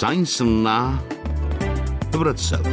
ሳይንስና ህብረተሰብ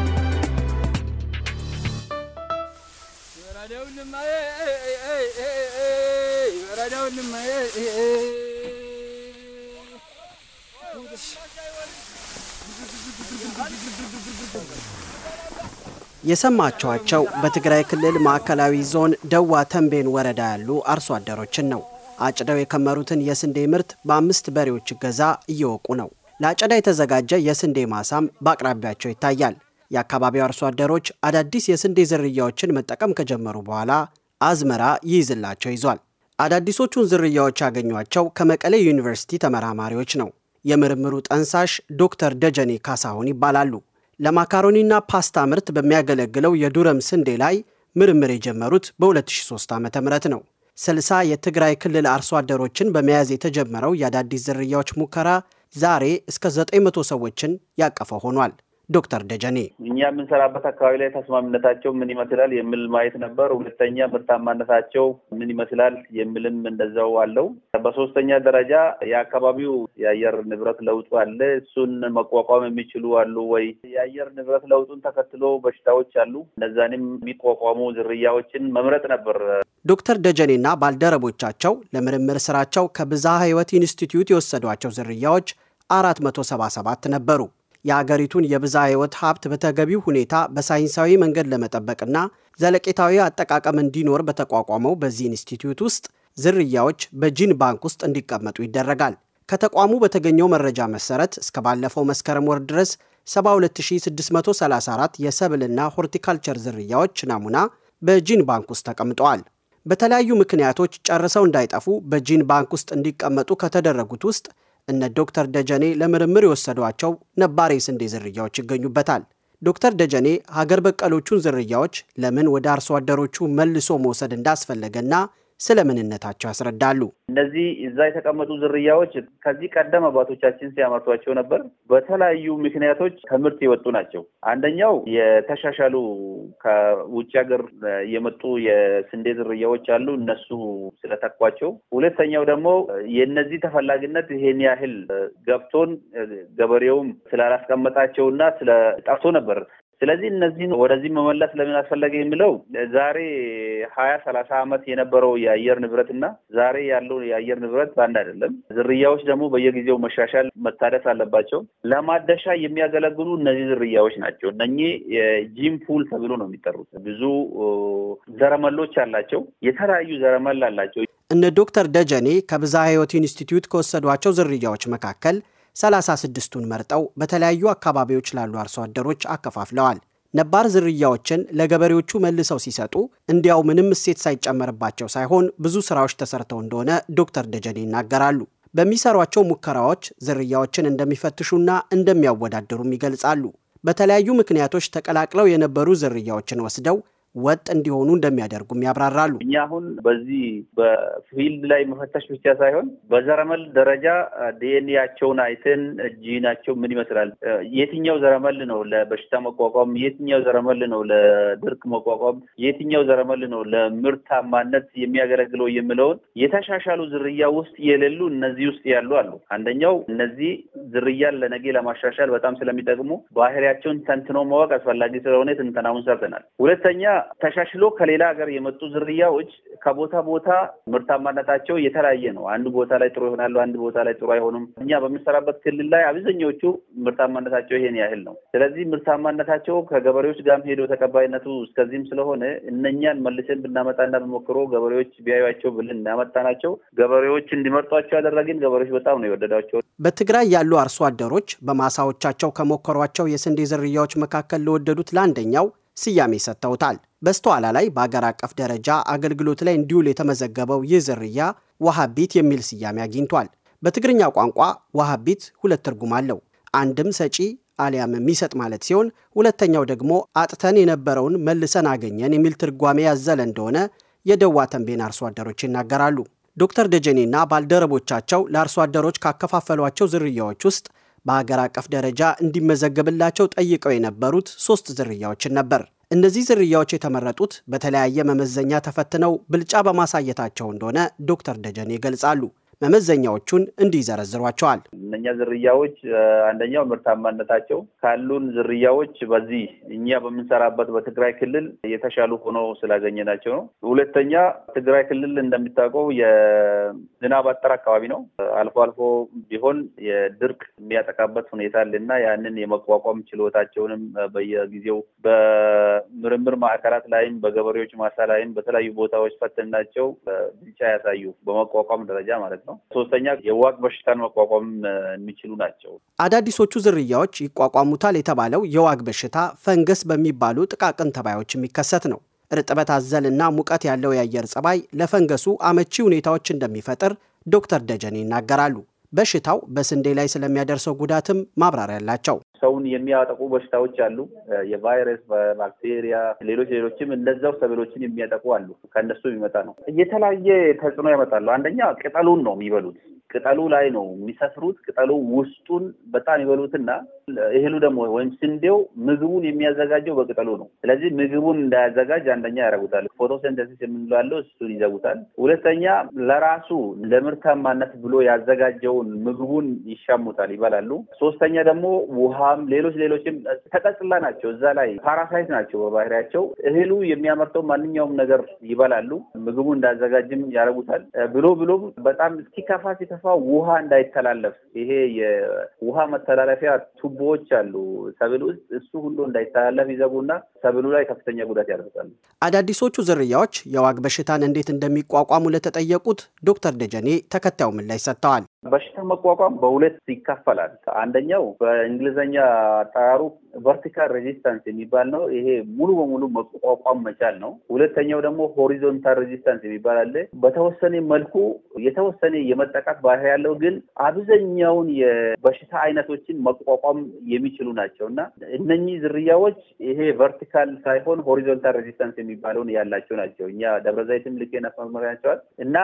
የሰማችኋቸው በትግራይ ክልል ማዕከላዊ ዞን ደዋ ተንቤን ወረዳ ያሉ አርሶ አደሮችን ነው። አጭደው የከመሩትን የስንዴ ምርት በአምስት በሬዎች እገዛ እየወቁ ነው። ለአጨዳ የተዘጋጀ የስንዴ ማሳም በአቅራቢያቸው ይታያል። የአካባቢው አርሶ አደሮች አዳዲስ የስንዴ ዝርያዎችን መጠቀም ከጀመሩ በኋላ አዝመራ ይይዝላቸው ይዟል። አዳዲሶቹን ዝርያዎች ያገኟቸው ከመቀሌ ዩኒቨርሲቲ ተመራማሪዎች ነው። የምርምሩ ጠንሳሽ ዶክተር ደጀኔ ካሳሁን ይባላሉ። ለማካሮኒና ፓስታ ምርት በሚያገለግለው የዱረም ስንዴ ላይ ምርምር የጀመሩት በ2003 ዓ.ም ነው። ስልሳ የትግራይ ክልል አርሶ አደሮችን በመያዝ የተጀመረው የአዳዲስ ዝርያዎች ሙከራ ዛሬ እስከ 900 ሰዎችን ያቀፈ ሆኗል። ዶክተር ደጀኔ እኛ የምንሰራበት አካባቢ ላይ ተስማሚነታቸው ምን ይመስላል የሚል ማየት ነበር። ሁለተኛ ምርታማነታቸው ምን ይመስላል የሚልም እንደዛው አለው። በሶስተኛ ደረጃ የአካባቢው የአየር ንብረት ለውጡ አለ። እሱን መቋቋም የሚችሉ አሉ ወይ? የአየር ንብረት ለውጡን ተከትሎ በሽታዎች አሉ። እነዛንም የሚቋቋሙ ዝርያዎችን መምረጥ ነበር ዶክተር ደጀኔና ባልደረቦቻቸው ለምርምር ስራቸው ከብዝሃ ሕይወት ኢንስቲትዩት የወሰዷቸው ዝርያዎች 477 ነበሩ። የአገሪቱን የብዝሃ ሕይወት ሀብት በተገቢው ሁኔታ በሳይንሳዊ መንገድ ለመጠበቅና ዘለቄታዊ አጠቃቀም እንዲኖር በተቋቋመው በዚህ ኢንስቲትዩት ውስጥ ዝርያዎች በጂን ባንክ ውስጥ እንዲቀመጡ ይደረጋል። ከተቋሙ በተገኘው መረጃ መሰረት እስከ ባለፈው መስከረም ወር ድረስ 72634 የሰብልና ሆርቲካልቸር ዝርያዎች ናሙና በጂን ባንክ ውስጥ ተቀምጠዋል። በተለያዩ ምክንያቶች ጨርሰው እንዳይጠፉ በጂን ባንክ ውስጥ እንዲቀመጡ ከተደረጉት ውስጥ እነ ዶክተር ደጀኔ ለምርምር የወሰዷቸው ነባር የስንዴ ዝርያዎች ይገኙበታል። ዶክተር ደጀኔ ሀገር በቀሎቹን ዝርያዎች ለምን ወደ አርሶ አደሮቹ መልሶ መውሰድ እንዳስፈለገና ስለ ምንነታቸው ያስረዳሉ። እነዚህ እዛ የተቀመጡ ዝርያዎች ከዚህ ቀደም አባቶቻችን ሲያመርቷቸው ነበር። በተለያዩ ምክንያቶች ከምርት የወጡ ናቸው። አንደኛው የተሻሻሉ ከውጭ ሀገር የመጡ የስንዴ ዝርያዎች አሉ። እነሱ ስለተኳቸው። ሁለተኛው ደግሞ የእነዚህ ተፈላጊነት ይሄን ያህል ገብቶን ገበሬውም ስላላስቀመጣቸውና ስለጠፍቶ ነበር። ስለዚህ እነዚህን ወደዚህ መመለስ ለምን አስፈለገ የሚለው ዛሬ ሀያ ሰላሳ ዓመት የነበረው የአየር ንብረትና ዛሬ ያለው የአየር ንብረት በአንድ አይደለም። ዝርያዎች ደግሞ በየጊዜው መሻሻል፣ መታደስ አለባቸው። ለማደሻ የሚያገለግሉ እነዚህ ዝርያዎች ናቸው። እነኚህ ጂም ፑል ተብሎ ነው የሚጠሩት። ብዙ ዘረመሎች አላቸው። የተለያዩ ዘረመል አላቸው። እነ ዶክተር ደጀኔ ከብዝሃ ሕይወት ኢንስቲትዩት ከወሰዷቸው ዝርያዎች መካከል 36ቱን መርጠው በተለያዩ አካባቢዎች ላሉ አርሶ አደሮች አከፋፍለዋል። ነባር ዝርያዎችን ለገበሬዎቹ መልሰው ሲሰጡ እንዲያው ምንም እሴት ሳይጨመርባቸው ሳይሆን ብዙ ስራዎች ተሰርተው እንደሆነ ዶክተር ደጀኔ ይናገራሉ። በሚሰሯቸው ሙከራዎች ዝርያዎችን እንደሚፈትሹና እንደሚያወዳደሩም ይገልጻሉ። በተለያዩ ምክንያቶች ተቀላቅለው የነበሩ ዝርያዎችን ወስደው ወጥ እንዲሆኑ እንደሚያደርጉም ያብራራሉ። እኛ አሁን በዚህ በፊልድ ላይ መፈተሽ ብቻ ሳይሆን በዘረመል ደረጃ ዲኤንኤያቸውን አይተን ጂናቸው ምን ይመስላል፣ የትኛው ዘረመል ነው ለበሽታ መቋቋም፣ የትኛው ዘረመል ነው ለድርቅ መቋቋም፣ የትኛው ዘረመል ነው ለምርታማነት የሚያገለግለው የሚለውን የተሻሻሉ ዝርያ ውስጥ የሌሉ እነዚህ ውስጥ ያሉ አሉ። አንደኛው እነዚህ ዝርያን ለነገ ለማሻሻል በጣም ስለሚጠቅሙ ባህሪያቸውን ተንትኖ ማወቅ አስፈላጊ ስለሆነ ትንተናውን ሰርተናል። ሁለተኛ ተሻሽሎ ከሌላ ሀገር የመጡ ዝርያዎች ከቦታ ቦታ ምርታማነታቸው የተለያየ ነው። አንድ ቦታ ላይ ጥሩ ይሆናሉ፣ አንድ ቦታ ላይ ጥሩ አይሆኑም። እኛ በምንሰራበት ክልል ላይ አብዛኛዎቹ ምርታማነታቸው ይሄን ያህል ነው። ስለዚህ ምርታማነታቸው ከገበሬዎች ጋርም ሄዶ ተቀባይነቱ እስከዚህም ስለሆነ እነኛን መልሰን ብናመጣና ብንሞክሮ ገበሬዎች ቢያዩቸው ብልን እናመጣናቸው። ገበሬዎች እንዲመርጧቸው ያደረግን ገበሬዎች በጣም ነው የወደዳቸው። በትግራይ ያሉ አርሶ አደሮች በማሳዎቻቸው ከሞከሯቸው የስንዴ ዝርያዎች መካከል ለወደዱት ለአንደኛው ስያሜ ሰጥተውታል። በስተኋላ ላይ በአገር አቀፍ ደረጃ አገልግሎት ላይ እንዲውል የተመዘገበው ይህ ዝርያ ዋሃቢት የሚል ስያሜ አግኝቷል። በትግርኛ ቋንቋ ዋሃቢት ሁለት ትርጉም አለው። አንድም ሰጪ አሊያም የሚሰጥ ማለት ሲሆን፣ ሁለተኛው ደግሞ አጥተን የነበረውን መልሰን አገኘን የሚል ትርጓሜ ያዘለ እንደሆነ የደዋ ተንቤን አርሶ አደሮች ይናገራሉ። ዶክተር ደጀኔና ባልደረቦቻቸው ለአርሶ አደሮች ካከፋፈሏቸው ዝርያዎች ውስጥ በሀገር አቀፍ ደረጃ እንዲመዘገብላቸው ጠይቀው የነበሩት ሶስት ዝርያዎችን ነበር። እነዚህ ዝርያዎች የተመረጡት በተለያየ መመዘኛ ተፈትነው ብልጫ በማሳየታቸው እንደሆነ ዶክተር ደጀኔ ይገልጻሉ። መመዘኛዎቹን እንዲህ ይዘረዝሯቸዋል። እነኛ ዝርያዎች አንደኛው ምርታማነታቸው ካሉን ዝርያዎች በዚህ እኛ በምንሰራበት በትግራይ ክልል የተሻሉ ሆኖ ስላገኘናቸው ነው። ሁለተኛ ትግራይ ክልል እንደሚታወቀው የዝናብ አጠር አካባቢ ነው። አልፎ አልፎ ቢሆን የድርቅ የሚያጠቃበት ሁኔታ አለና ያንን የመቋቋም ችሎታቸውንም በየጊዜው በምርምር ማዕከላት ላይም በገበሬዎች ማሳ ላይም በተለያዩ ቦታዎች ፈትናቸው ብልጫ ያሳዩ በመቋቋም ደረጃ ማለት ነው። ነው። ሶስተኛ የዋግ በሽታን መቋቋም የሚችሉ ናቸው። አዳዲሶቹ ዝርያዎች ይቋቋሙታል የተባለው የዋግ በሽታ ፈንገስ በሚባሉ ጥቃቅን ተባዮች የሚከሰት ነው። እርጥበት አዘልና ሙቀት ያለው የአየር ጸባይ ለፈንገሱ አመቺ ሁኔታዎች እንደሚፈጥር ዶክተር ደጀኔ ይናገራሉ። በሽታው በስንዴ ላይ ስለሚያደርሰው ጉዳትም ማብራሪያ አላቸው። ሰውን የሚያጠቁ በሽታዎች አሉ። የቫይረስ፣ ባክቴሪያ፣ ሌሎች ሌሎችም እነዛው ሰብሎችን የሚያጠቁ አሉ። ከእነሱ የሚመጣ ነው። የተለያየ ተጽዕኖ ያመጣሉ። አንደኛ ቅጠሉን ነው የሚበሉት። ቅጠሉ ላይ ነው የሚሰፍሩት። ቅጠሉ ውስጡን በጣም ይበሉትና እህሉ ደግሞ ወይም ስንዴው ምግቡን የሚያዘጋጀው በቅጠሉ ነው። ስለዚህ ምግቡን እንዳያዘጋጅ አንደኛ ያደርጉታል። ፎቶሴንተሲስ የምንለዋለው እሱን ይዘጉታል። ሁለተኛ ለራሱ ለምርታማነት ብሎ ያዘጋጀውን ምግቡን ይሻሙታል፣ ይበላሉ። ሶስተኛ ደግሞ ውሃም፣ ሌሎች ሌሎችም ተቀጽላ ናቸው እዛ ላይ ፓራሳይት ናቸው በባህሪያቸው። እህሉ የሚያመርተው ማንኛውም ነገር ይበላሉ። ምግቡ እንዳያዘጋጅም ያደርጉታል። ብሎ ብሎ በጣም ሲከፋ ሲከፋ ውሃ እንዳይተላለፍ ይሄ የውሃ መተላለፊያ ቱቦዎች አሉ ሰብል ውስጥ እሱ ሁሉ እንዳይተላለፍ ይዘጉና ሰብሉ ላይ ከፍተኛ ጉዳት ያደርሳሉ። አዳዲሶቹ ዝርያዎች የዋግ በሽታን እንዴት እንደሚቋቋሙ ለተጠየቁት ዶክተር ደጀኔ ተከታዩ ምላሽ ሰጥተዋል። በሽታ መቋቋም በሁለት ይካፈላል። አንደኛው በእንግሊዝኛ አጠራሩ ቨርቲካል ሬዚስታንስ የሚባል ነው። ይሄ ሙሉ በሙሉ መቋቋም መቻል ነው። ሁለተኛው ደግሞ ሆሪዞንታል ሬዚስታንስ የሚባል አለ። በተወሰነ መልኩ የተወሰነ የመጠቃት ባህር ያለው ግን አብዛኛውን የበሽታ አይነቶችን መቋቋም የሚችሉ ናቸው እና እነኚህ ዝርያዎች ይሄ ቨርቲካል ሳይሆን ሆሪዞንታል ሬዚስታንስ የሚባለውን ያላቸው ናቸው። እኛ ደብረዘይትም ልክ ነፈመሪያቸዋል እና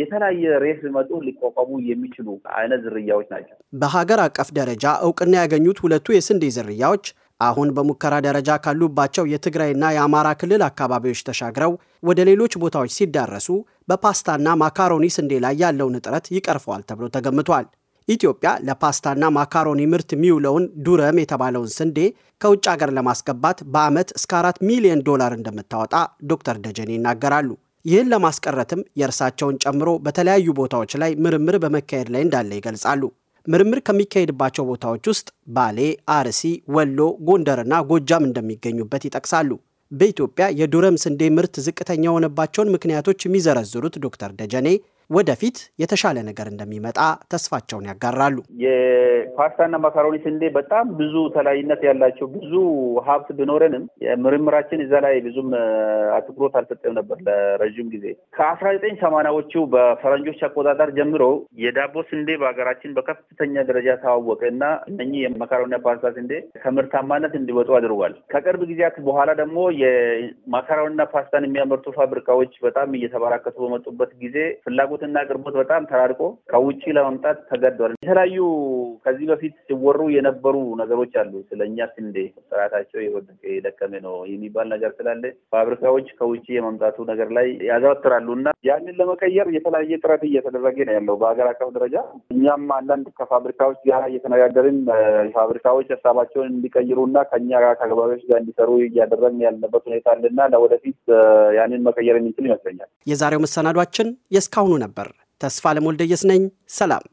የተለያየ ሬስ መጡ ሊቋቋሙ የሚችሉ አይነት ዝርያዎች ናቸው። በሀገር አቀፍ ደረጃ እውቅና ያገኙት ሁለቱ የስንዴ ዝርያዎች አሁን በሙከራ ደረጃ ካሉባቸው የትግራይና የአማራ ክልል አካባቢዎች ተሻግረው ወደ ሌሎች ቦታዎች ሲዳረሱ በፓስታና ማካሮኒ ስንዴ ላይ ያለውን እጥረት ይቀርፈዋል ተብሎ ተገምቷል። ኢትዮጵያ ለፓስታና ማካሮኒ ምርት የሚውለውን ዱረም የተባለውን ስንዴ ከውጭ አገር ለማስገባት በዓመት እስከ አራት ሚሊዮን ዶላር እንደምታወጣ ዶክተር ደጀኔ ይናገራሉ። ይህን ለማስቀረትም የእርሳቸውን ጨምሮ በተለያዩ ቦታዎች ላይ ምርምር በመካሄድ ላይ እንዳለ ይገልጻሉ። ምርምር ከሚካሄድባቸው ቦታዎች ውስጥ ባሌ፣ አርሲ፣ ወሎ፣ ጎንደርና ጎጃም እንደሚገኙበት ይጠቅሳሉ። በኢትዮጵያ የዱረም ስንዴ ምርት ዝቅተኛ የሆነባቸውን ምክንያቶች የሚዘረዝሩት ዶክተር ደጀኔ ወደፊት የተሻለ ነገር እንደሚመጣ ተስፋቸውን ያጋራሉ። የፓስታና ማካሮኒ ስንዴ በጣም ብዙ ተለያይነት ያላቸው ብዙ ሀብት ቢኖረንም ምርምራችን እዛ ላይ ብዙም አትኩሮት አልሰጠም ነበር ለረዥም ጊዜ ከአስራ ዘጠኝ ሰማናዎቹ በፈረንጆች አቆጣጠር ጀምሮ የዳቦ ስንዴ በሀገራችን በከፍተኛ ደረጃ ታዋወቀ እና እነኚህ የማካሮኒና ፓስታ ስንዴ ከምርታማነት እንዲወጡ አድርጓል። ከቅርብ ጊዜያት በኋላ ደግሞ የማካሮኒና ፓስታን የሚያመርቱ ፋብሪካዎች በጣም እየተበራከቱ በመጡበት ጊዜ ፍላጎት ፍላጎትና አቅርቦት በጣም ተራርቆ ከውጭ ለመምጣት ተገዷል። የተለያዩ ከዚህ በፊት ሲወሩ የነበሩ ነገሮች አሉ። ስለኛ ስንዴ ጥራታቸው የደከመ ነው የሚባል ነገር ስላለ ፋብሪካዎች ከውጭ የመምጣቱ ነገር ላይ ያዘወትራሉ እና ያንን ለመቀየር የተለያየ ጥረት እየተደረገ ነው ያለው በሀገር አቀፍ ደረጃ። እኛም አንዳንድ ከፋብሪካዎች ጋር እየተነጋገርን ፋብሪካዎች ሀሳባቸውን እና ከኛ ጋር ከገባቢዎች ጋር እንዲሰሩ እያደረግን ያለበት ሁኔታ አለና ለወደፊት ያንን መቀየር የሚችል ይመስለኛል። የዛሬው መሰናዷችን የእስካሁኑ ነበር። ነበር። ተስፋ ለሞልደየስ ነኝ። ሰላም።